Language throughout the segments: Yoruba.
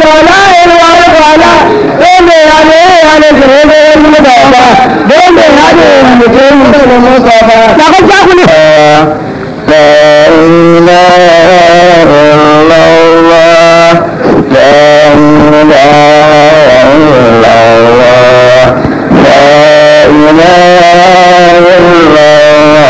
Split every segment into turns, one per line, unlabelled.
ولا الوارد ولا بين هذه هذه الجنود المضافة بين هذه الجنود المضافة لقد جاءكم لا إله إلا الله لا إله إلا الله لا إله إلا الله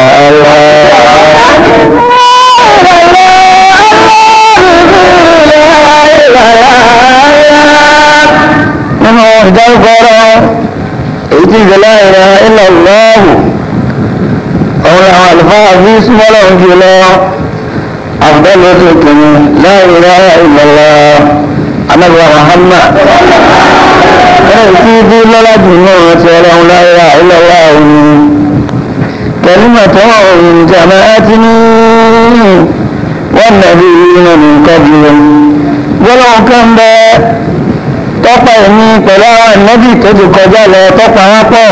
ìdíje láìra ilẹ̀ lọ́wọ́ ọ̀rọ̀ àwọn àlùfáà bí súnmọ́lọ̀ ń jù lọ àbúdọ́lọ́ tó kìíní láìra ilẹ̀ lọ anábìá Muhammad ẹ̀rọ ìdí bí lọ́lá jù náà ti ọlọ́run láìra ilẹ̀ lọ́wọ́ كلمة جمعتني والنبيين من قبلهم gbọ́lọ́wọ́ kan bẹ tọ́pa ẹ̀mí pẹ̀lú àwọn ànábì tó ti kọjá lọ tọ́pa wọn pọ̀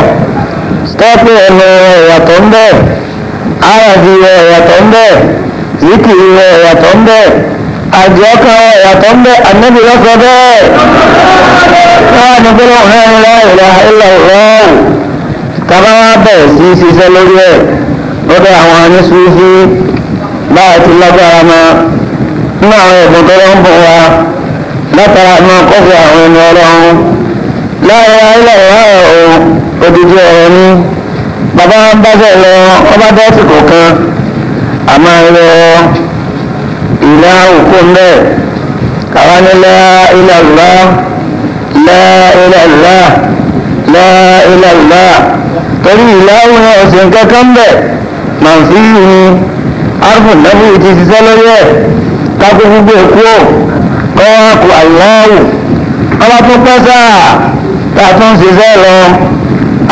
tọ́pẹ́ ẹnu ẹ̀yàtọ̀ ń bẹ àràbí ẹ̀yàtọ̀ ń bẹ zikiri ẹ̀yàtọ̀ ń bẹ àjọkọ̀ ẹ̀yàtọ̀ ń bẹ ànábì lọ́kọ̀ bẹ́ẹ̀ wọ́n á ní gbọ́lọ́wọ́ hẹ́rin láìláìláìláì tábà wá bẹ̀rẹ̀ sí ṣiṣẹ́ lórí ẹ̀ lọ́dọ̀ àwọn anísúfí báyà ti lágbára mọ́ nínú àwọn ẹ̀bùn tó lọ́n bọ̀ wá látara máa kọ́fù àwọn ẹni ọlọ́run láàrin ayélujára ìwà ọ̀hún odidi ọ̀rọ̀ ni bàbá ń bájẹ́ lọ ọba dẹ́sìkò kan àmọ́ ẹ̀rọ ìlà òkú ńlẹ̀ kàwa ní láìláìlá láìláìlá láìláìlá torí ìlàwọ̀ náà ọ̀sẹ̀ nǹkan kan bẹ̀ màá fi yìí ni arúgbó nàbí ti ṣiṣẹ́ lórí ẹ̀ kákó gbogbo èkó kọ́ wá kó àlọ́wù ọba tó pẹ́ sáà tá a tún ṣiṣẹ́ lọ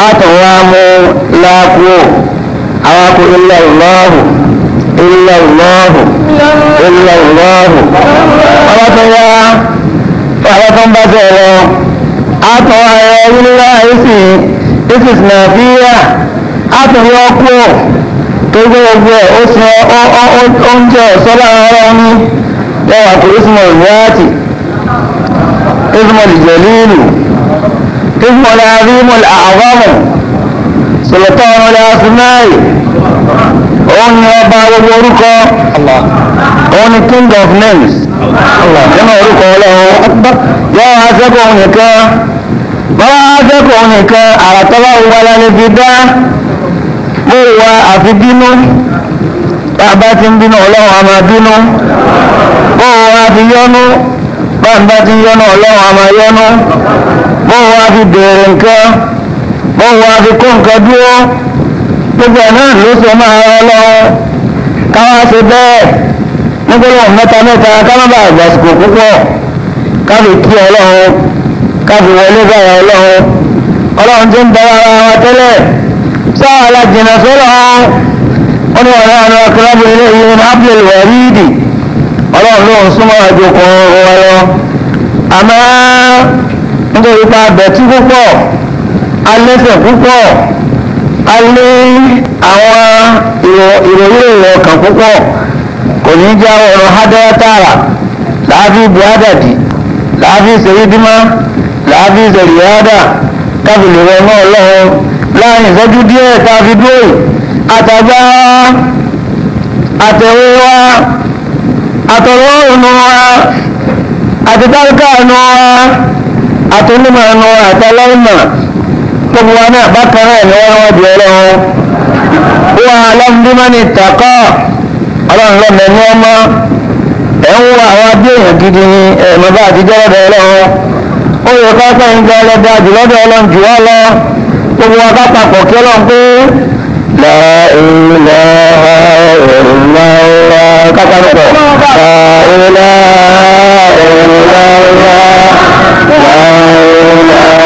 àtọ̀wá mú láàkó àwọn akó ilẹ̀ ìlọ́hùn ilẹ̀ ìlọ́hùn ilẹ̀ ìlọ́hùn ọba tó yá ọba tó ń bá ṣe lọ àtọ̀wá ẹ̀rọ orílẹ̀ àìsìn. ìsìsìnàfíà àtúnyẹ ọkọ tó gbogbo ẹ̀ ó sọ oúnjẹ ọ̀sọ́lá ara ní lọ́wọ́ àpò ìsìnmọ̀ ìwáàtì ìsìnmọ̀ ìjẹ̀lílù ìsìnmọ̀ ìlàrímọ̀ àwọ̀mọ̀ sọ̀lọ̀tọ̀ ọ̀rọ̀ lásìmáì òun ni ọba gbogbo orúkọ òun ni king of names nínú orúkọ ọlọ́run yọ àṣẹ́kọ̀ọ́ nìkan wọ́n á fẹ́kọ̀ọ́ nìkan àràtọ́lá wọlé ní fi dá mú wa àfi bínú bàbá ti ń bínú ọlọ́run a máa bínú bó wa fi yọnu bàbá ti ń yọnu ọlọ́run a máa yọnu bó wa fi béèrè nǹkan bó wa fi kó nǹkan dúró gbogbo ẹ̀ náà ló ṣe máa rọ ọlọ́run káwá ṣe bẹ́ẹ̀ nígbà lóun mẹ́ta mẹ́ta ká má púpọ̀ ká kí ọlọ́run káfí wọlé báyà ọlọ́run ọlọ́run tó ń bá ara wa tẹ́lẹ̀ sáà alájìnà sọ́lọ́ ó ní ọ̀rẹ́ àwọn akọ̀rọ̀bù ilé ìlú abdul waridi ọlọ́run ló ń súnmọ́ ẹ̀jọ̀ kan wa lọ àmọ́ nítorí pa bẹ̀tú púpọ̀ alẹ́sẹ̀ púpọ̀ alẹ́ àwọn ìròyìn ìrọ̀ kan púpọ̀ kò ní jẹ́ ọ̀rọ̀ hádẹ́rẹ́ tààrà láàbí buhádàdì láàfin ṣeré dímọ́ láàfin ṣeré yáàdà káfí lè rọmọ ọlọ́run láàrin ìṣẹ́jú díẹ̀ tá a fi dúró àtàgbà àtẹ̀wé wa àtọ̀rọ̀ ònà wa àtẹ̀tàríkà ànà wa àtọ̀nímọ̀ ànà wa àtàlọ́mọ̀ tóbi wa náà bákan náà ni wọ́n wọ́n di ọlọ́run wọ́n aláǹdímọ́ ni tàkọ́ ọlọ́run lọ́mọ ẹni ọmọ ẹ̀ ń wá àwọn abéèyàn gidi ni ẹ̀mọ́ bá ti jẹ́ lọ́dọ̀ ọlọ́run ó yẹ ká pẹ́ ń jẹ́ ọlọ́dọ̀ àjù lọ́dọ̀ ọlọ́run jù wá lọ gbogbo wa ká papọ̀ kí ọlọ́run pé la ilaha illallah ká papọ̀ la ilaha illallah la ilaha illallah la ilaha illallah.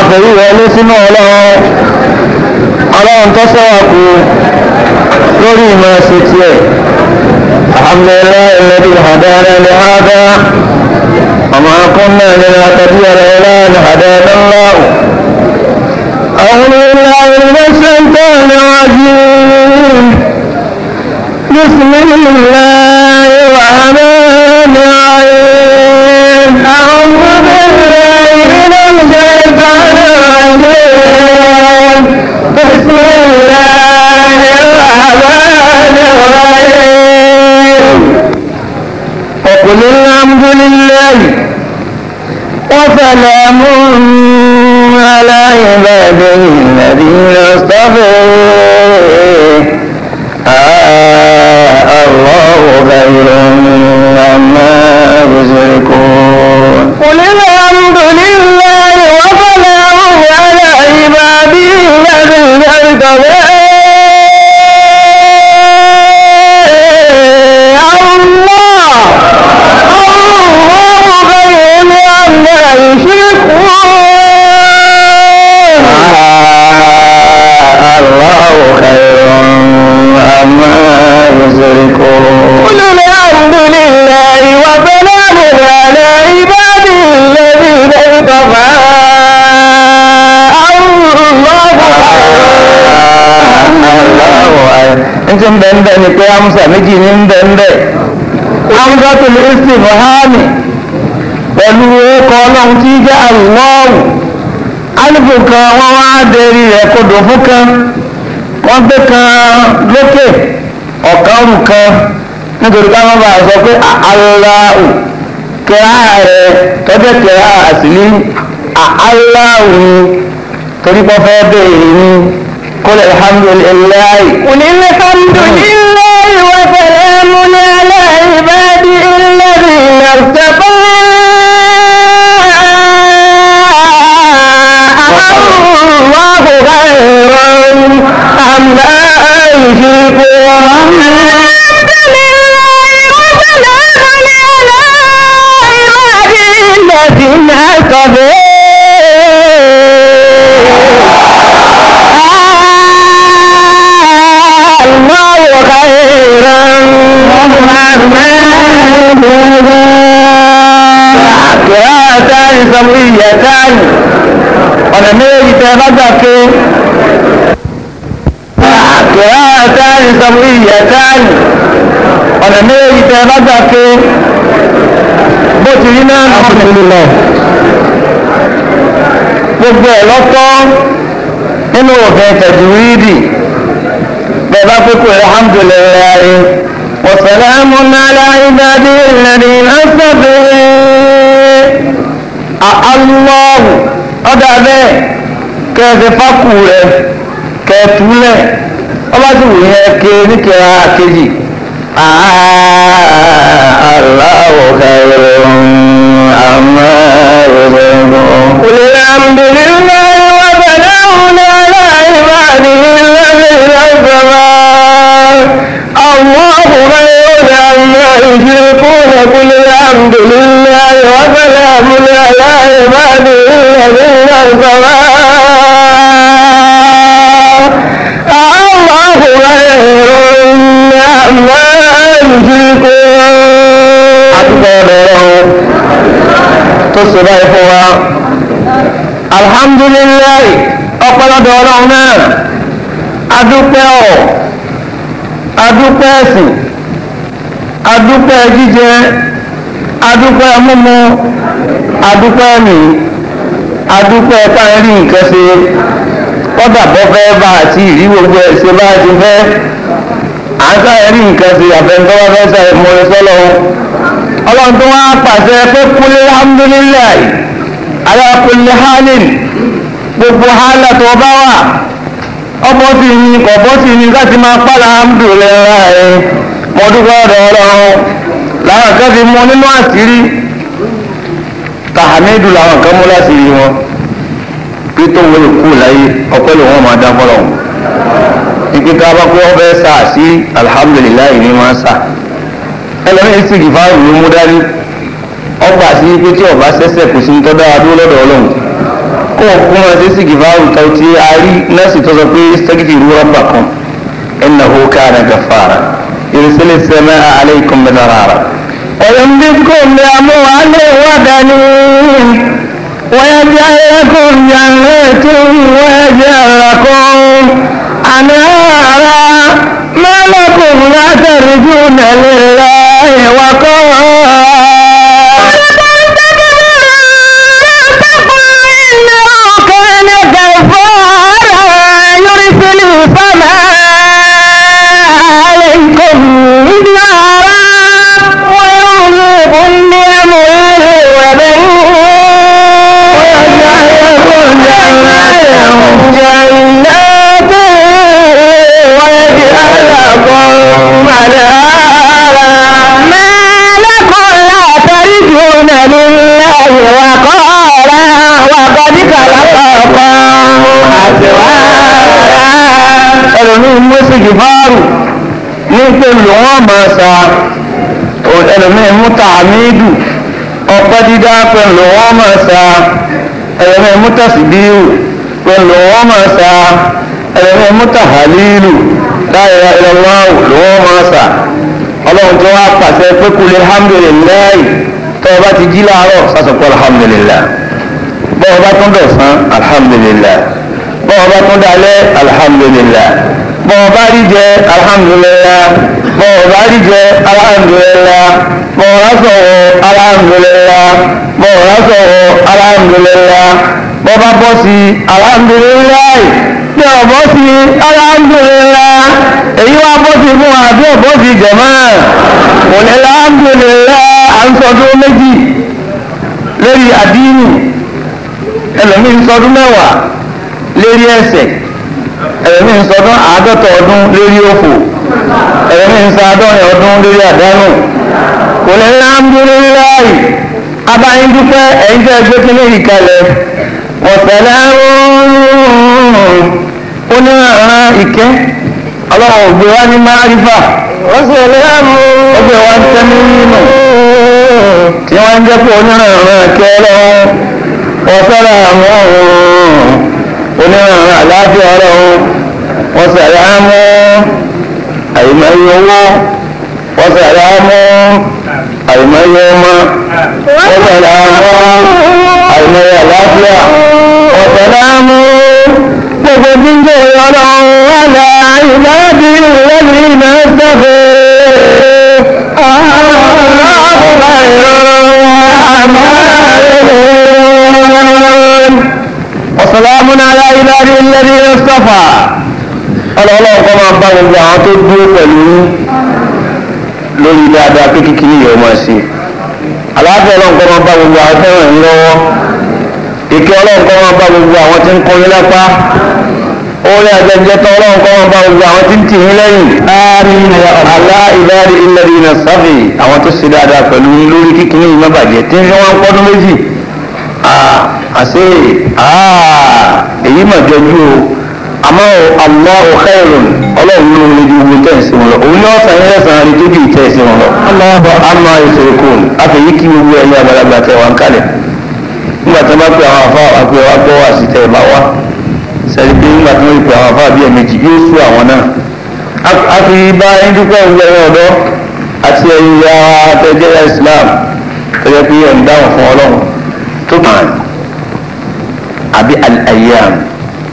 àfẹ̀wíwọlé sínú ọlọ́run ọlọ́run tó sọ́wọ́kú lórí ìmọ̀ ẹ̀sẹ̀ tiẹ̀ alhamdulillah alladhi hadana li hada wa ma kunna linahtadiya lawla an hadana Allah أعوذ بالله من الشيطان الرجيم بسم الله الرحمن الرحيم أعوذ بالله وسلام على عباده الذين اصطفوا bẹ ni pé amúsà méjì ní ń bẹ ń bẹ amúsà tó lè sì fọ́hámì pẹ̀lú orúkọ ọlọ́run tí jẹ́ àlọ́ọ̀hù alifu kan wọ́n wá dẹ̀rí rẹ̀ kodò fún kan wọ́n gbé kan lókè ọ̀kan rù kan nítorí káwọn bá sọ pé aláwù kẹrà rẹ̀ tọ́jú kẹrà sí ní aláwù torí pọ́ bẹ́ẹ̀ ni. قل الحمد لله قل الحمد لله وسلام على عباد الذين ارتقى الله خيرا أم لا أنشئكم الذين كفروا sọ pé ìyẹ̀ táàyè ọ̀nà méjì tẹ́ bá gbà pé àkìrá táàyè sọ pé ìyẹ̀ táàyè ọ̀nà méjì tẹ́ bá gbà pé bó ti rí náà lọ́wọ́ gbogbo ẹ̀ lọ́tọ́ nínú òfin tẹ̀júwìdì bẹ̀bá kókó alhamdulillahi wa salamun ala ibadihi alladhina asbahu alọ́ọ̀hù ọ̀dà bẹ́ẹ̀ kẹfẹ́ fákù rẹ̀ kẹtùlẹ̀ ọba tí wò yẹn ké níkẹrẹ àkejì aláwọ̀ kẹrẹ àmọ́ rẹ̀ lọ. alhamdulillahi wa bẹ̀rẹ̀ òun náà láì máa nìyí lọ́wọ́ ìlọ́gbọ̀n. يشركون قل الحمد لله وسلام على عباده الذين اصطفى الله خير عما يشركون أكبر تصبح فوا الحمد لله ọpọlọ dọ̀ọ́lọ́ náà adúpẹ́ ọ̀ adúpẹ́ ẹ̀sìn adúpẹ́ jíjẹ adúpẹ́ mímu adúpẹ́ mi adúpẹ́ páàrí nǹkan ṣe kọ́dà bọ́ fẹ́ bá àti ìrí gbogbo ẹ̀ ṣe bá ti fẹ́ à ń sáré rí nǹkan ṣe àfẹnusọ́ bá fẹ́ sáré sọ́lọ́ ọlọ́run tó wá pàṣẹ pé kúlé alákùnlé hálìn gbogbo hálà tó bá wà ọbọ̀ sí ni kọ̀bọ̀ sí ni láti máa pàlà mo dúpẹ́ ọ̀dọ̀ ọlọ́run láwọn kan ti mú nínú àṣírí tàhámídù làwọn kan mú láti rí wọn pé tó wọlé kú láyé ọpẹ́ lòun máa dá fọlọ́run ìpín tá a bá kó wọn fẹ́ sá sí alihamudulilayi ni máa sá ẹlẹ́rìí sì kì fáwọn ìlú mú dání ọgbà sí pé tí ọba ṣẹ̀ṣẹ̀ kò sí ní tọ́ dára dúró lọ́dọ̀ ọlọ́run kó o kún wọn sí sì kì fáwọn ìtọ́ tí a rí nọ́ọ̀sì tó sọ pé sẹ́kìtì ìlú rọ́bà kan ẹnna ó ká gàfàrà. يرسل السماء عليكم بدرارة ويمددكم بأموال وبنين ويجعل لكم جنات ويجعل لكم أنهارا ما لكم لا ترجون لله وقارا يستعجلون لله وقارا وقد خلقكم أزواجا ẹlòmíì sa ẹlòmíì mú tààmídù ọ̀pẹ́ dídá bọ́ọ̀ bá ti jí láàárọ̀ sásọ̀kọ́ alhamdulilah bọ́ọ̀ bá tún dọ̀sán alhamdulilah bọ́ọ̀ bá tún dalẹ́ alhamdulilah bọ́ọ̀ bá rí jẹ alhamdulilah bọ́ọ̀ bá rí jẹ alhamdulilah bọ́ọ̀ bá sọ̀rọ̀ alhamdulilah bọ́ọ̀ bá sọ̀rọ̀ alhamdulilah bọ́ọ̀ bá bọ́ sí alhamdulilah ní ọ̀bọ́ sí alhamdulilah èyí wá bọ́ sí fún wa àbí ọ̀bọ́ sí jẹ̀mọ́ òní alhamdulilah à ń sọdún méjì lérí àdínì ẹlòmíín sọdún mẹ́wàá lérí ẹsẹ̀ ẹlòmíín sọdún àádọ́ta ọdún lérí òfò ẹlòmíín sọdún ọdún lérí àdánù kò lè ńlá ń dúró láàyè abáyín dúpẹ́ ẹ̀yìn tẹ́ gbé kíní ìkàlẹ̀ ọ̀sẹ̀lẹ̀ ó ní ìkẹ́ ọlọ́run ògbé wá ní márífà ọgbẹ́ wa ń tẹ́mí nínú kí wọ́n ń jẹ́ pé onírànràn kí ọlọ́wọ́ ọ̀fẹ́ra àwọn òun onírànràn àlàáfíà ọlọ́wọ́ wọ́n sàrẹ́ àmú àyèmáyé owó wọ́n sàrẹ́ àmú àyèmáyé ọmọ wọ́n sàrẹ́ àmú àyèmáyé àlàáfíà. gbogbo àwọn tó dúró pẹ̀lú yín lórí dáadáa pé kíkiri yìí ọmọ sí aláàfẹ́ ọlọ́run kọ́ máa bá gbogbo àwọn tó ràn yín lọ́wọ́ ìkẹ́ ọlọ́run kọ́ máa bá gbogbo àwọn tí ń kọ́ yín lápá orí àjẹjẹ tó ọlọ́run kọ́ máa bá gbogbo àwọn tí ń tì yín lẹ́yìn alá ìbáàrí ilẹ̀ ìrìnà sáfì àwọn tó ṣe dáadáa pẹ̀lú yín lórí kíkiri yìí má bàjẹ́ tí ń fi wọn pọ́dún méjì àṣe èyí mà jọjú o àmọ́ àmọ́ ọ̀hẹ́rùn ọlọ́run ló lè ju gbogbo tẹ̀sí wọn lọ òun ní ọ̀sán yẹn sàn án rí tó ju ìtẹ̀sí wọn lọ. àmọ́ ìṣòro kò ní àfẹ̀yí kí gbogbo ẹ̀yìn àgbàlagbà tẹ̀ wá ń kalẹ̀ nígbà tí wọ́n bá pe àwọn afá àpè wá gbọ́ wá sí tẹ̀ bá wá sẹ́ni pé nígbà tí wọ́n pe àwọn afá bíi ẹ̀mejì yóò sú àwọn náà. a fi bá ẹnjúpẹ́ ẹ̀yìn ọ̀dọ́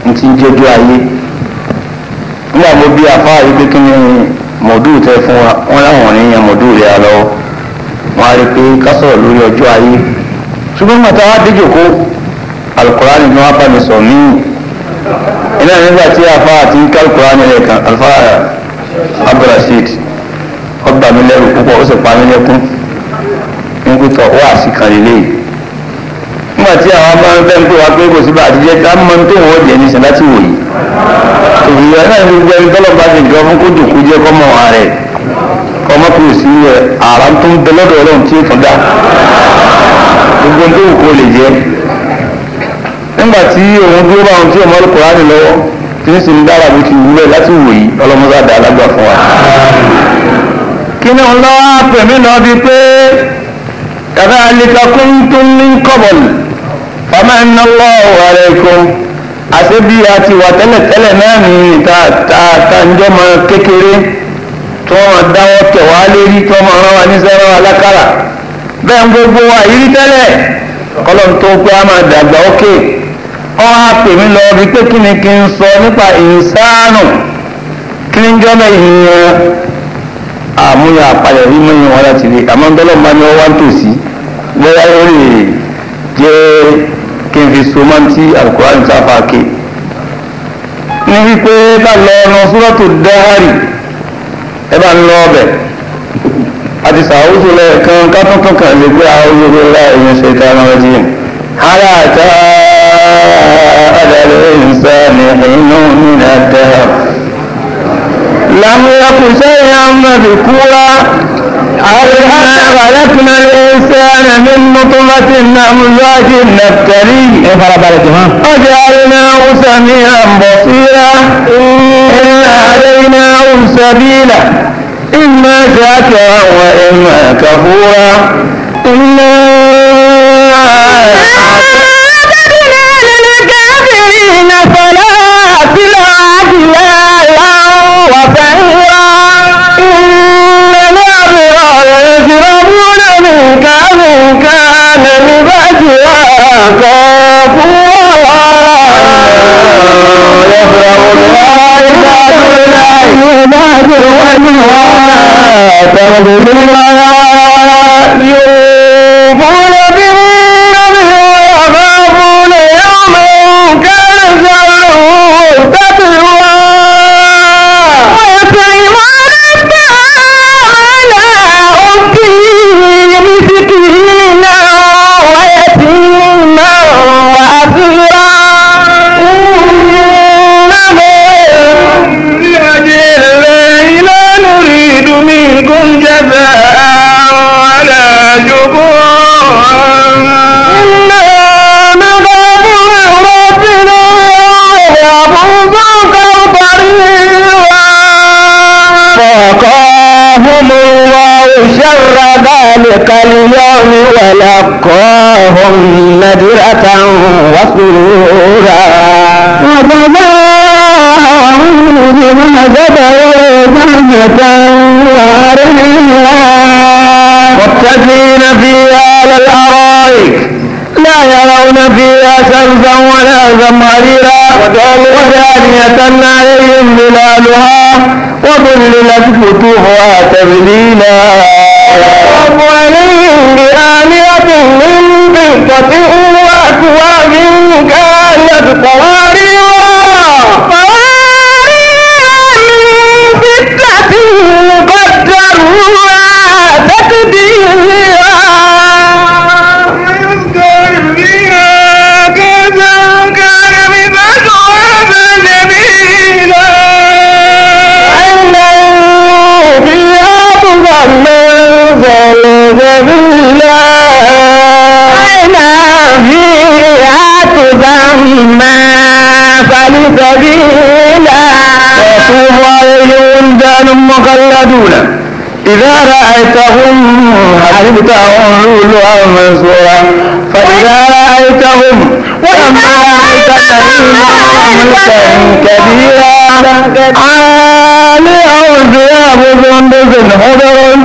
ní ti ń jẹ́jú ayé nígbà mo bí afá yìí pé kí ni mọ̀dù tẹ fún wa wọn láwọn ní yan mọ̀dù rẹ̀ lọ wọn á rí i pé ká sọ̀rọ̀ lórí ọjọ́ ayé ṣùgbọ́n màtá wa dé jòkó alukurani ni wọn bá mi sọ mí iná nígbà tí afá àti ń ká alukurani rẹ̀ kan alfa abdulrasheed ọgbà mi lẹ́rù púpọ̀ ó sì pa mí lẹ́kún nígbà tó wà sí kan lélẹ́yìí nígbà tí àwọn máa ń fẹ́ ń pè wá pé kò sí bá àtijọ́ ká mọ tó wọ́n jẹ́ ní sàn láti wòye òyìnbó náà ní gbẹ́ni tọ́lọ̀ bá ti nǹkan fún kó jòkó jẹ́ kọ́mọ ààrẹ kọ́mọ kò sí àrà tó ń bẹ lọ́dọ̀ ọlọ́run tí ó tún dá gbogbo tó wù kó lè jẹ́ nígbà tí òun dúró bá òun tí òun mọ́lùkọ́ láti lọ́wọ́ tí ń sin dára bó ti wúlẹ̀ láti wòye ọlọ́mọdé dá alágbà fún wa. kí ni ọlọ́wọ́ pèmí lọ bíi pé kàdá àlìkà kún ní kọ́bọ̀lù faman Allahu alaykum àti bí a ti wà tẹ́lẹ̀tẹ́lẹ̀ náà ní ìta àtàǹjọ́mọ kékeré tí wọ́n dáwọ́ tẹ̀ wá lérí tí wọ́n máa rán wa ní sẹ́rọ̀ alákàrà bẹ́ẹ̀ ń gbogbo wa yìí rí tẹ́lẹ̀ kọ́lọ́n tó pé a máa dàgbà ókè wọ́n á pè mí lọ bí pé kí ni kí n sọ nípa ìsáànù kí ni jọ́mọ ìyẹn àmúyẹ àpàyẹ rí mọ́ ìyẹn wọn láti rí àmọ́ ń dọ́lọ́ máa ní ọwá tòsí lọ́wọ́ lórí jẹ́ kí n fi so máa ń tí alukurani sáfà ké ní wípé bá lọ ọ̀nà súrọ́tù dáhárì ẹ bá ń lọ ọbẹ̀ àti sàwùsù lẹ́ẹ̀kan kátọ́tọ́ kan lè gbé àwọn olùgbé ẹ̀yìn ṣe ìta ọmọ ẹ̀jẹ̀ yìí hálà tá àdàlẹ́ ìsàlẹ̀ ẹ̀yìn náà nínú àdáhà làmúyàkùsẹ́ yẹn á mọ̀ أولما خلقنا الإنسان من نطفة أمزاج نبتلي إيه وجعلناه سميعا بصيرا إن عليناه سبيلا إما شاكرا وإما كفورا إنا كان لبجوا كفورا يفرغ الغائبات لا يبادر ونوات ذلك اليوم ولقاهم نذرة وسرورا وجزاهم بما جبروا جنة وحريرا متكئين فيها على الأرائك لا يرون فيها شمسا ولا زمهريرا ودانية عليهم ظلالها وظللت فتوحها تبليلا Bueno. كلها منصورا فإذا رأيتهم ولما رأيت ملكا كبيرا عاليهم ثياب سندس خضر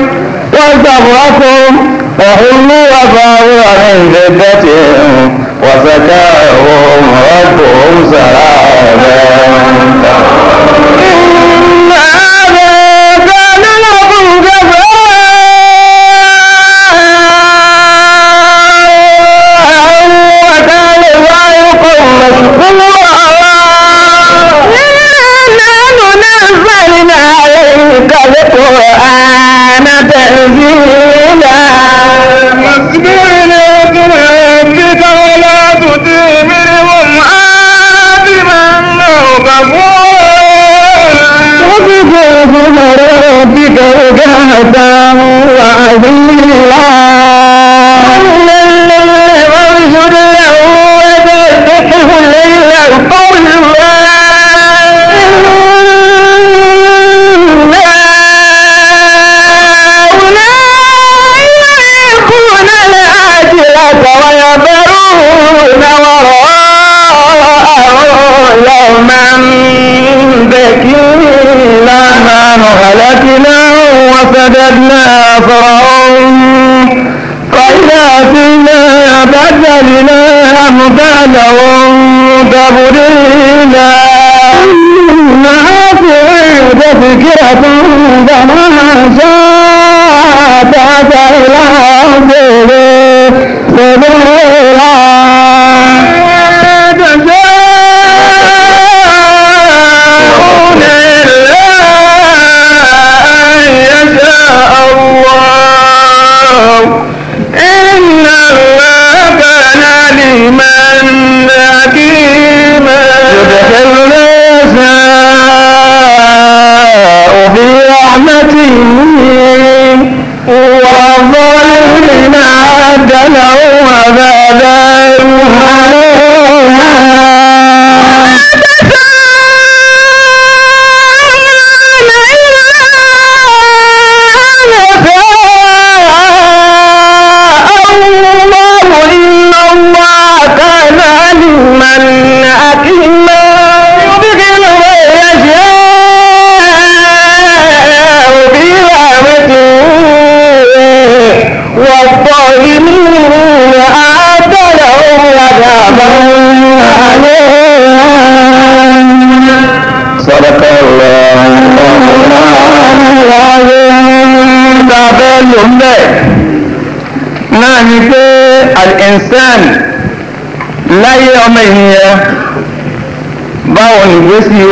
واستبرقهم وحلوا أصابر من شدتهم وسكاهم ربهم سلاما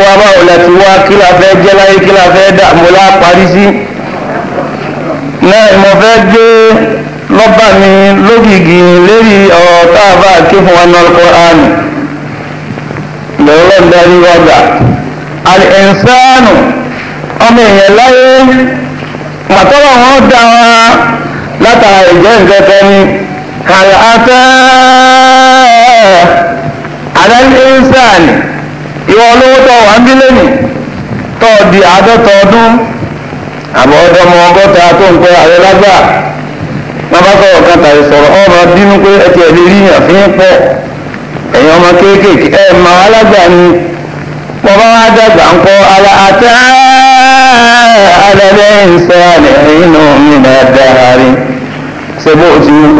wa báwo la ti wá kí la fẹ́ jẹ́ láyé kí la fẹ́ dà mo lá parí sí náà mo fẹ́ gbé lọ́bà mi lógìgì lérí ọ̀rọ̀ tá a bá ké fún wa náà Qur'an lọ́rọ̀ ń darí wọ́gbà al-insanu ọmọ èèyàn láyé pàtọ́wọ̀ wọn dá wa látara ìjẹ́ nǹkan kan ni kàlá àdáyé ìsáàni. ìwọ olówó tó wà ń bí lẹ́nu tó di àádọ́ta ọdún àbọ̀ ọdọmọ ọgọ́ta tó ń pẹ́ ààrẹ lágbà wọn bá sọ̀rọ̀ kan tàbí sọ̀rọ̀ ọmọ bínú pé ẹ ti ẹ̀ lè fi ń pọ̀ ẹ̀yin ọmọ kéékèèké ẹ̀ mà alágbà ni wọ́n bá wá ala ti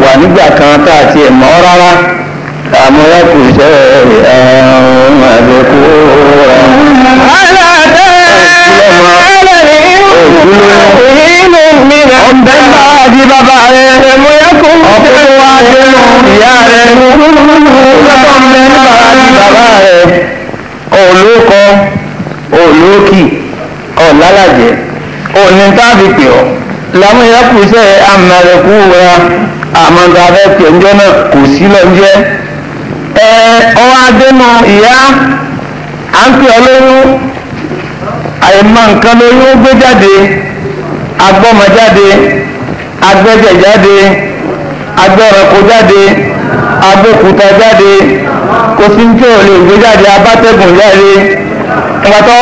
wà nígbà kan tá àti ẹ̀ àmúyẹ́kù iṣẹ́ ẹ̀rùn àdékù rẹ̀. aláàdá ìlú mi rẹ̀. ọ̀bẹ máa di bàbá rẹ̀. àmúyẹ́kù iṣẹ́ wa dínú ìyá rẹ̀. ọ̀bẹ máa di bàbá rẹ̀. olóko olókì ọ̀làlàjẹ́ òní táàbì pè ọ́ làmúyẹ́kù iṣẹ́ àmàlẹ́kù rẹ̀ àmọ́ tàbí pè ń jẹ́ náà kò sí lọ́jẹ́. ọwọ́ adénú ìyá à ń pè ọ lóyún àìmọ̀ nǹkan lóyún ó gbé jáde agbọ́mọ jáde agbẹ́jẹ̀ jáde agbẹ́ranko jáde agbókúta jáde kò sí ní tí ò lè gbé jáde abátẹ́gùn jáde yẹn tán tó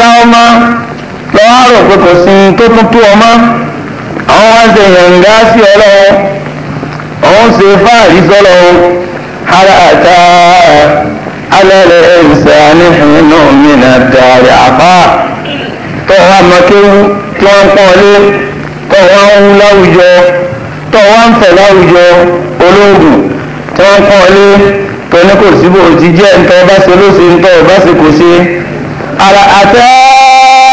ka ọmọ lọ́wọ́ àwọn wá ń ṣe yẹ̀ǹgá sí ọlọ́run òun ṣe fáàrí sọ́lọ́run hara àtà alẹ́rẹ̀ ìṣẹ́ aníhìnnú mi nà dàrí àfá tó wá mọ́kéwú tí wọ́n ń pọ́nlé tó wá ń wú láwùjọ tó ń fẹ̀ láwùjọ olóògùn tí wọ́n ń pọ́nlé tó kò síbò ti jẹ́ ntọ́ bá ṣe ló ṣe ntọ́ bá ṣe kò ṣe ara àtà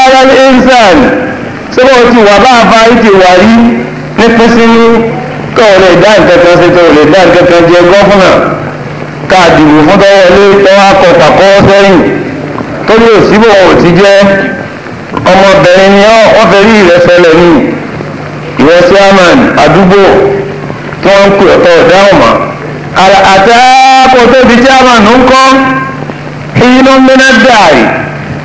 alẹ́rẹ̀ ìṣẹ́ aníhìnnú ṣé wọ́n ti wà bá bá ìdè wà rí ní pínpín kọ́ ọ lè dá nǹkan kan ṣe tó lè dá nǹkan kan jẹ gọ́fúnà ká dìbò fún tọ́wọ́ ilé tọ́wọ́ akọ pàkọ́ sẹ́yìn tó ní òsínbó wọn ò ti jẹ́ ọmọbìnrin ni wọ́n fẹ́ rí ìrẹsẹ̀lẹ̀ ní ìrẹsì aman àdúgbò tí wọ́n ń pè ọ̀tọ̀ ọ̀dáhùn mọ́ àtẹ́kọ̀ọ́ tóbi tí aman ń kọ́ inú mẹ́nà dàrí.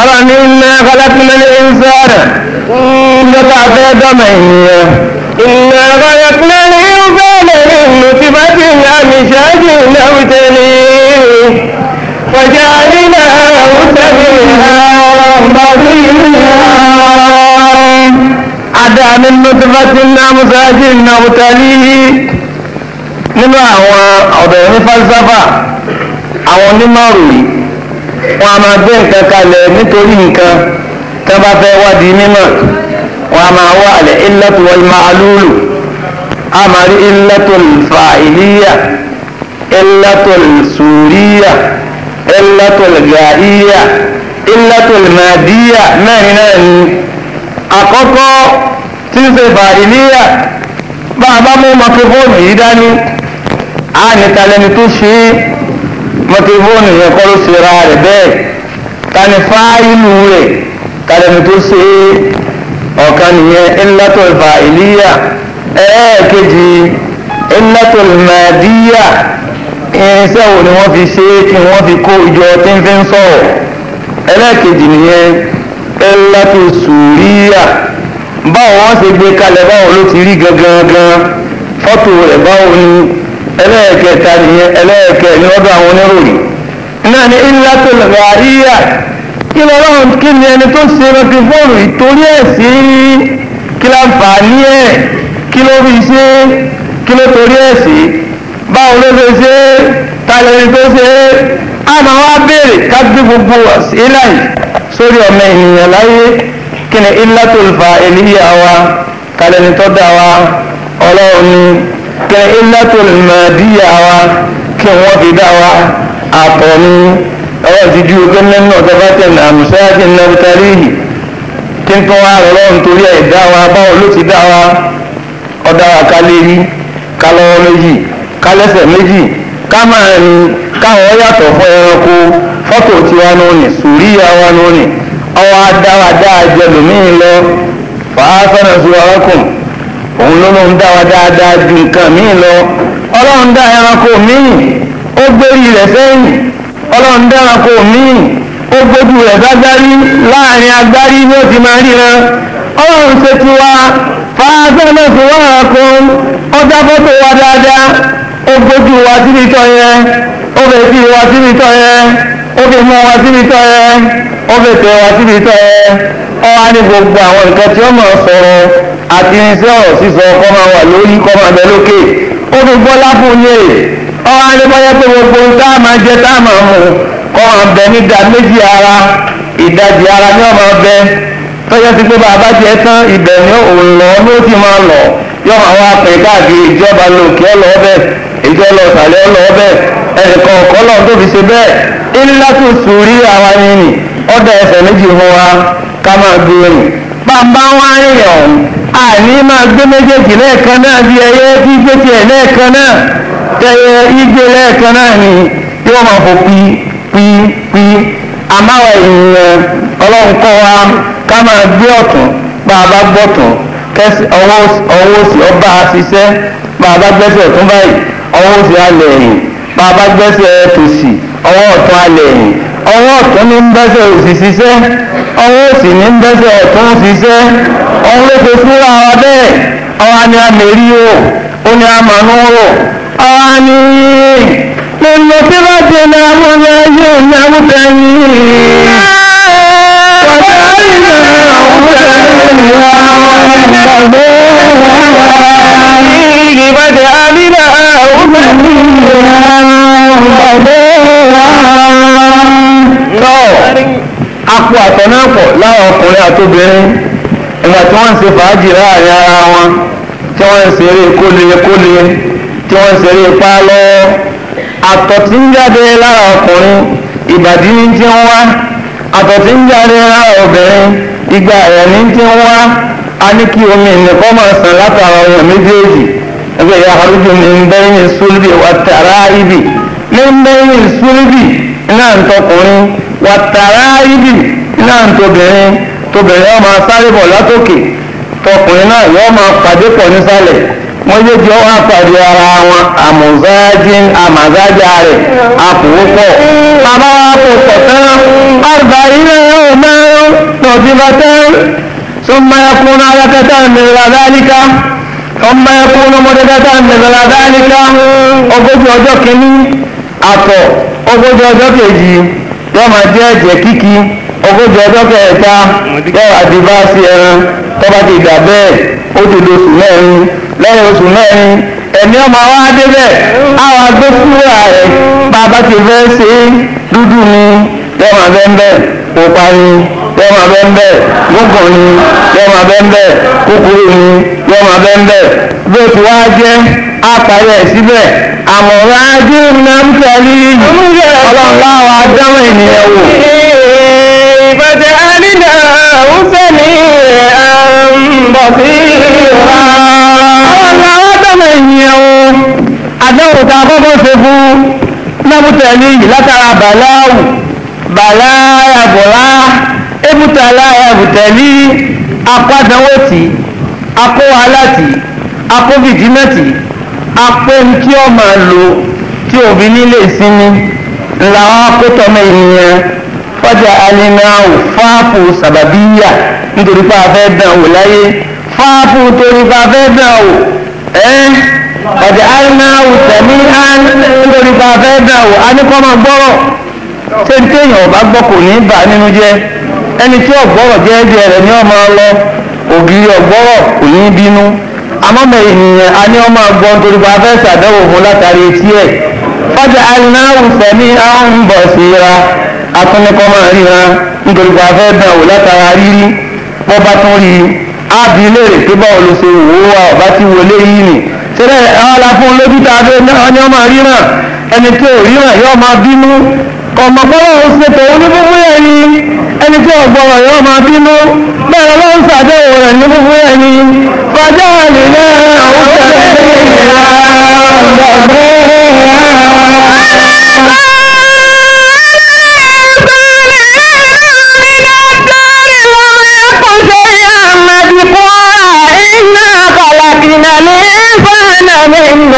ọlọ́ni iná kọlẹ́kùnlẹ́lẹ́ ìfẹ́rẹ̀ ńlọ́ta fẹ́ dọ́mọ̀ ènìyàn iná kọlẹ́kùnlẹ́lẹ́ ìfẹ́rẹ̀ ní ìlú tí bá ti ń àmì ṣáájú ìlẹ́wùtẹ́ ni kọjá nínú àwùjọ mi ọ̀rọ̀ ọ̀bí Adá nínú tí bá ti ń àmì ṣáájú ìlẹ́wùtẹ́ ni nínú àwọn ọ̀bẹ̀rẹ̀ ní falsafa àwọn onímọ̀ ròyìn wọn a máa gbé nǹkan kalẹ̀ nítorí nǹkan tí wọ́n bá fẹ́ wádìí mímọ̀ wọn a máa wá àlẹ́ illatu wal ma'lulu a máa rí illatul fa'iliya illatul suriya illatul ga'iya illatul madiya mẹ́rin náà ni àkọ́kọ́ tí ń ṣe fa'iliya bá a bá mú mọ́kífóònù yìí dání a nìta lẹni tó ṣe é mọ́tífóònù yẹn kọ́ ló ṣera rẹ̀ bẹ́ẹ̀ ta ni fáìlù rẹ̀ ta lẹni tó ṣe ọ̀kan nìyẹn illatul fa'iliyya ẹ̀ẹ́kejì illatul madiyya irinṣẹ́ wo ni wọ́n fi ṣe é kí wọ́n fi kó ìjọ tí ń fi ń sọ̀rọ̀ ẹlẹ́ẹ̀kejì nìyẹn illatul suriyya báwo wọ́n ṣe gbé kalẹ̀ báwo ló ti rí gangan gan fọ́tò rẹ̀ báwo ni ẹlẹ́ẹ̀kẹta nìyẹn ẹlẹ́ẹ̀kẹ ní ọdún àwọn oníròyìn náà ni illatul ghariyya kí lọ́lọ́run kí ni ẹni tó ṣe rántí fóònù ìtorí ẹ̀ sí kí láǹfààní ẹ̀ kí ló rí ṣe kí ló torí ẹ̀ sí báwo ló ṣe ṣe tàlẹ́ ẹni tó ṣe é àmọ́ wá béèrè ká gbé gbogbo ìlà yìí sórí ọmọ ènìyàn láyé kí ni illatul fa'iliyya wa kálẹ́ni tó dá wa ọlọ́run kẹ illatul madiya wa kí wọ́n fi dá wa àtọ̀ ní ọwọ́ ìtìjú pé nínú ọ̀tẹ́fẹ́tẹ̀ àmùsáyàtì nàbùtàrí yìí kí n tán wá rọrọ́ nítorí ẹ̀ dá wa báwo ló ti dá wa ọ̀dá wa ká lé rí ká lọ́wọ́ méjì ká lẹ́sẹ̀ méjì ká máa ní káwọn yàtọ̀ fún ẹranko fọ́tò tiwa nù ní wa nù ní òun ló lóun dá wa dáadáa ju nǹkan míì lọ ọlọ́run dá ẹranko míì ó gbérí rẹ̀ sẹ́yìn ọlọ́run dá ẹranko míì ó gbójú rẹ̀ ságbárí láàrin agbárí ni ó ti máa ríran ọlọ́run ṣe ti wá fàáṣẹ́ náà ti wá ẹranko ọjà fọ́tò wa dáadáa ó gbójú wa síbi tọ́ yẹn ó fẹ́ fi wa síbi tọ́ yẹn ó fẹ́ mọ́ wa síbi tọ́ yẹn ó fẹ́ wa síbi tọ́ yẹn ọ wá gbogbo àwọn nǹkan tí ó mọ̀ sọ̀rọ̀. àti iṣẹ́ ọ̀rọ̀ sísọ kọ́ máa wà lórí kọ́ máa bẹ lókè ó fi gbọ́lá fún un yé ọ̀rọ̀ alẹ́bọ́yẹ́ pé gbogbo tá a máa jẹ tá a máa mú kọ́ máa bẹ nídà méjì ara ìdajì ara ni wọ́n máa bẹ tọ́jọ́ ti pé bàbá jẹ tán ibẹ̀ ni òun lọ ni ó ti máa lọ yọ àwọn apẹ̀ káàkiri ìjọba lòkè ọlọ́ọ̀bẹ̀ ìjọ lọ sàlẹ̀ ọlọ́ọ̀bẹ̀ ẹnìkan ọ̀kọ́ lọ́n tó fi ṣe bẹ́ẹ̀ ńlá tó sùúrí àwa yìí ni ọ̀dọ̀ ẹsẹ̀ méjì fún wa ká máa gbé e rìn bàbá wọn àríyàn àní máa gbé méjèèjì lẹ́ẹ̀kan náà bí ẹyẹ tí gbé lẹ́ẹ̀kan náà tẹyẹ igbe lẹ́ẹ̀kan náà ni yóò máa fò ọlọ́run kọ́ wa ká máa gbé ọ̀tún ọwọ́ ọba gbẹ́sẹ̀ ọ̀tún báyìí ọwọ́ gbẹ́sẹ̀ ọwọ́ ọwọ́ ọ̀tún ní ń bẹ́sẹ̀ òsì ṣiṣẹ́ ọwọ́ òsì ní ń bẹ́sẹ̀ ọ̀tún ṣiṣẹ́ ọwọ́ ló fúnra wa bẹ́ẹ̀ àwa ni a lè rí o ó ní a mọ̀ nú o ni nínú tí bá ti ní amúlẹ̀ yóò ní amúlẹ̀ yìí. Ọ̀sẹ̀ ìgbà ọ̀húnṣẹ́ ni wọ́n ń gbàgbé ìgbàdé àbílẹ̀ ọ̀húnṣẹ́ ni wọ́n ń gbàgbé akọ àtọ̀nàpọ̀ láwọn ọkùnrin àtobìnrin ìgbà tí wọ́n ń ṣe fàájì láàrin ara wọn tí wọ́n ń ṣeré kólekóle tí wọ́n ń ṣeré pálọ́ àtọ̀ tí ń jáde lára ọkùnrin ìbàdí ní tí ń wá àtọ̀ tí ń jáde lára obìnrin ìgbà ẹ̀rẹ̀ ní tí ń wá a ní kí omi nìkan máa sàn látara ọ̀rọ̀ méjèèjì ẹgbẹ́ ìyá àrùjọ ní ń bẹ́yìn sólíbì wà tààrà ibì ní ń bẹ́yìn sólíbì náà ń tọkùnrin wàtàrá ibi náà ń tóbìnrin tóbìnrin ọmọ sáré bọ̀ látòkè tọkùnrin náà yóò máa pàdé pọ̀ nísàlẹ̀ wọ́n yé jọ wá pàdé ara wọn àmùzájín àmàzájá rẹ̀ àpòwópọ̀ bàbá wa kò pọ̀ tán àgbà ilé yóò mẹ́rin tọ̀bí bá tẹ́rù ثم يكون علاقة مثل ذلك ثم يكون مددة مثل ذلك ogójì ọjọ́ kìíní àtọ̀ ogójì ọjọ́ kejì yóò máa jẹ́ ẹ̀jẹ̀ kíkí ogójì ọjọ́ kẹta lọ́wọ́ àti sí ẹran tó bá ti gbà bẹ́ẹ̀ ó ti lo oṣù mẹ́rin lẹ́yìn oṣù mẹ́rin ẹ̀mí ọmọ wa débẹ̀ àwọn agbófinra rẹ̀ bá ti fẹ́ ṣe dúdú ni yóò máa bẹ́ẹ̀ bẹ́ẹ̀ pupa ni yóò máa bẹ́ẹ̀ bẹ́ẹ̀ gúngàn ni yóò máa bẹ́ẹ̀ bẹ́ẹ̀ kúkúrú ni yóò máa bẹ́ẹ̀ bẹ́ẹ̀ bó ti wá jẹ́ àpàrẹ̀ síbẹ̀ àmọ̀ràn ajé nàmtẹ̀lì ọlọ́run láwọn adámọ̀ خبيرا أولا وتمنيو أدعو تابو سفو نبتلي لترى بلاو بلا يا بلا ابتلا يا ابتلي apádánwòtì akówalátì akófìdínàtì apẹ́ntí ọmọ lò tí òbí nílé ìsinmi làwọn akótọ́mọ ènìyàn fọ́jà alinahu fáàpù sàbàbíyà nítorí pé a fẹ́ dán wò láyé fáfù torí bá fẹ́ dàn o ẹ́ ọ̀dẹ̀ àìmáwù o a ní kọ́ máa gbọ́rọ̀ ṣé ní téèyàn ọba gbọ́ kò ní bà nínú jẹ́ ẹni tí ọ̀gbọ́rọ̀ jẹ́ẹ́jẹ́ rẹ̀ ní ọmọ ọlọ ògiri ọ̀gbọ́rọ̀ ènìyàn a ní ọmọ ọgbọ́n torí bá fẹ́ fún látàrí á bi léèrè pé báwo ló ṣe wò ó wa ọ̀bá tí wọlé yìí nì ṣẹlẹ̀ àwọn aláfún lójú tá a fẹ́ ní ọmọ ríran ẹni tí ò ríran yóò máa bínú ọmọ gbọ́dọ̀ ó ṣe tòun ní fúnfún yẹn ni ẹni tí ọ̀gbọ̀rọ̀ yóò máa bínú bẹ́ẹ̀ ló ń ṣàdéhùn rẹ̀ ní fúnfún yẹn ni kọjá àlè náà ó ṣẹlẹ̀ ní ìlà ọ̀gbọ̀n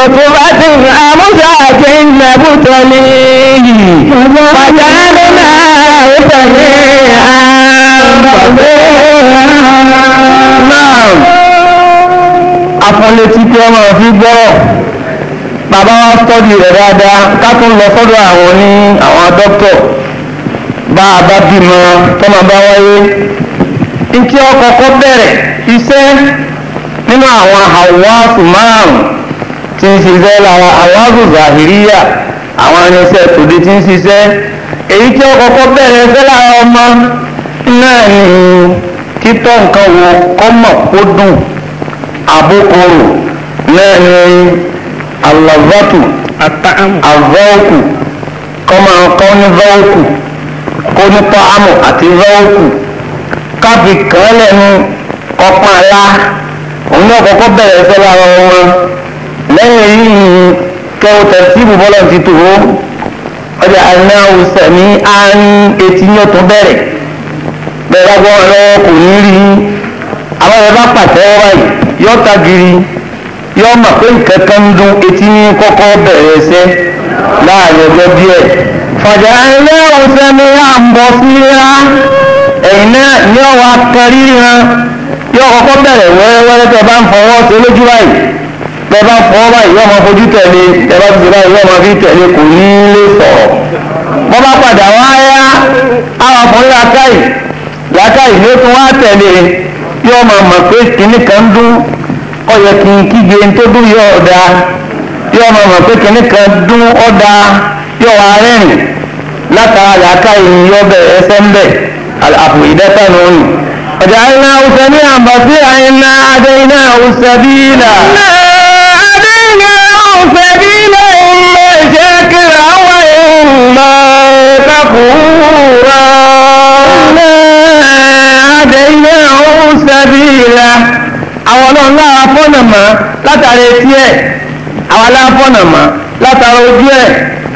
رطبة أمساك مبتليه وكان الماء tí wọn máa fi bàbá wa tọ́jú rẹ̀ dáadáa ká lọ sọ́dọ̀ àwọn ní àwọn dókítọ̀ bá a bá bímọ tọ́mọ bá wáyé ní tí ọkọ̀ kọ́ bẹ̀rẹ̀ iṣẹ́ nínú àwọn tí ń ṣiṣẹ́ lára aláàbò zàhìríyà àwọn irinṣẹ́ tòde tí ń ṣiṣẹ́ èyí tí ó kọ́kọ́ bẹ̀rẹ̀ ṣẹ́ lára ọmọ náà ni títọ́ nǹkan wo kọ́mọ̀ kó dùn àbókòrò náà ni alàvọ́tù àvọ́ọ̀kù kọ́mọ kọ́ ní vọ́ọ̀kù kó ní pàámù àti vọ́ọ̀kù káfíkàn lẹ́nu kọ́pọ̀ àlá òun náà kọ́kọ́ bẹ̀rẹ̀ ṣẹ́ lára ọmọ lẹ́yìn yìí kẹwò tẹ̀síìbù bọ́lá ti tò ó ọjà anáwó sẹ̀mí á ń etí ní ọ̀tún bẹ̀rẹ̀ bẹ̀rẹ̀ bọ́ ọlọ́wọ́ kò ní rí àwọn ẹ̀rọ bá pàtẹ́ wáyé yọ ta giri yọ mà pé nǹkan kan ń dún etí ní kọ́kọ́ bẹ̀rẹ̀ ẹsẹ̀ láàrin ọjọ́ díẹ̀ fàjà anáwó sẹ̀mí á ń bọ̀ sí rá ẹ̀yìn náà ní ọwọ́ akẹ́rí ran yọ kọ́kọ́ bẹ̀rẹ̀ wẹ́rẹ́wẹ́rẹ́ tẹ bẹ́ẹ̀ bá fọ́ báyìí yọ́ máa fojú tẹ̀lé bẹ́ẹ̀ bá ti báyìí yọ́ máa fi tẹ̀lé kò ní lè sọ̀rọ̀ wọ́n bá padà wá yá àwọn ọkùnrin làákàyè làákàyè ló tún wá tẹ̀lé yọ́ máa mọ̀ pé kinní kan dún ọyẹ kì í kígbe tó dún yọ ọ̀dà yọ́ máa mọ̀ pé kinní kan dún ọ̀dà yọ wá rẹ́rìn látara làákàyè yọ bẹ̀rẹ̀ ẹsẹ̀ ń bẹ̀ àpò ìdẹ́fẹ́ nù ọ̀nì. ọ̀dà iná ọ̀sẹ̀ ní àǹbàṣí àìná adé iná ọ̀sẹ̀ bíi là. سبيلا إما شاكرا وإما كفورا إنا etí ẹ̀ àwọn alára mọ́ látara ojú ẹ̀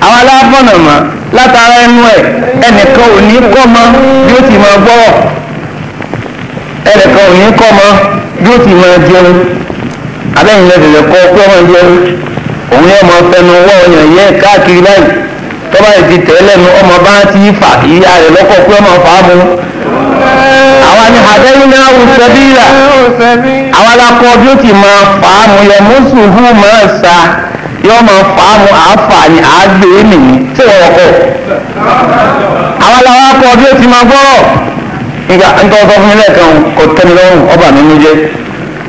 àwọn alára mọ́ látara ẹnu ẹ̀ ẹnìkan ò ní kọ́ mọ́ bí ó ti máa gbọ́rọ̀ ẹnìkan ò ní kọ́ mọ́ bí ó ti máa jẹun abẹ́yìn lẹ́dẹ̀ẹ́dẹ̀ kọ́ pé ọmọ jẹun òun yẹn mọ fẹnu wọ ọyàn yẹn káàkiri báyìí tọ́ba yìí ti tẹ̀ lẹ́nu ọmọ bá ti fà ìyá rẹ̀ lọ́kọ̀ pé ọmọ fà á mu. àwa ni àdéhùn ọ̀sẹ̀bíyà àwa la kọ́ bí ó ti máa fà á mu yẹ mùsùlùmí máa sa yọ máa fà á mu àáfà ni àágbé e nìyí tí wọ́n kọ́. àwa la wá kọ́ bí ó ti máa gbọ́rọ̀ nígbà ntọ́ fún mi lẹ́ẹ̀kan kò tẹ́mi lọ́rùn ọba mi nínú jẹ́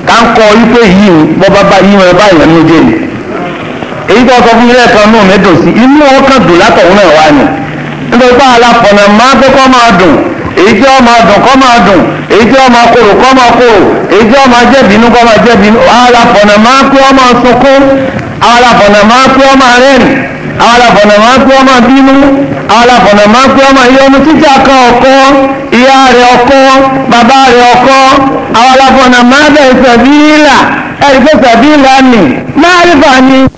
ká ń kọ́ yí yìí bọ́ bá bá yí wọn bá ìyẹn nínú jẹ́ nìyí èyí tó sọ fún ilé ẹ̀kan náà mi dùn sí inú ọkàn dùn látọ̀hún náà wá ni
nítorí pé alápọ̀nà máa pé kọ́
máa dùn èyí tí ó máa dùn kọ́ máa dùn èyí tí ó máa korò kọ́ máa korò èyí tí ó máa jẹ̀bínú kọ́ máa jẹ̀bínú alápọ̀nà máa pé ó máa sunkún alápọ̀nà máa pé ó máa rẹ́rìn alápọ̀nà máa pé ó máa bínú alápọ̀nà máa pé ó máa yọnu títí àkàn ọkọ ìyá rẹ̀ ọkọ bàbá rẹ̀ ọkọ alápọ̀nà máa bẹ̀rẹ̀ sàbílà ẹ̀rí pé sàbílà ni máa rí fà ni.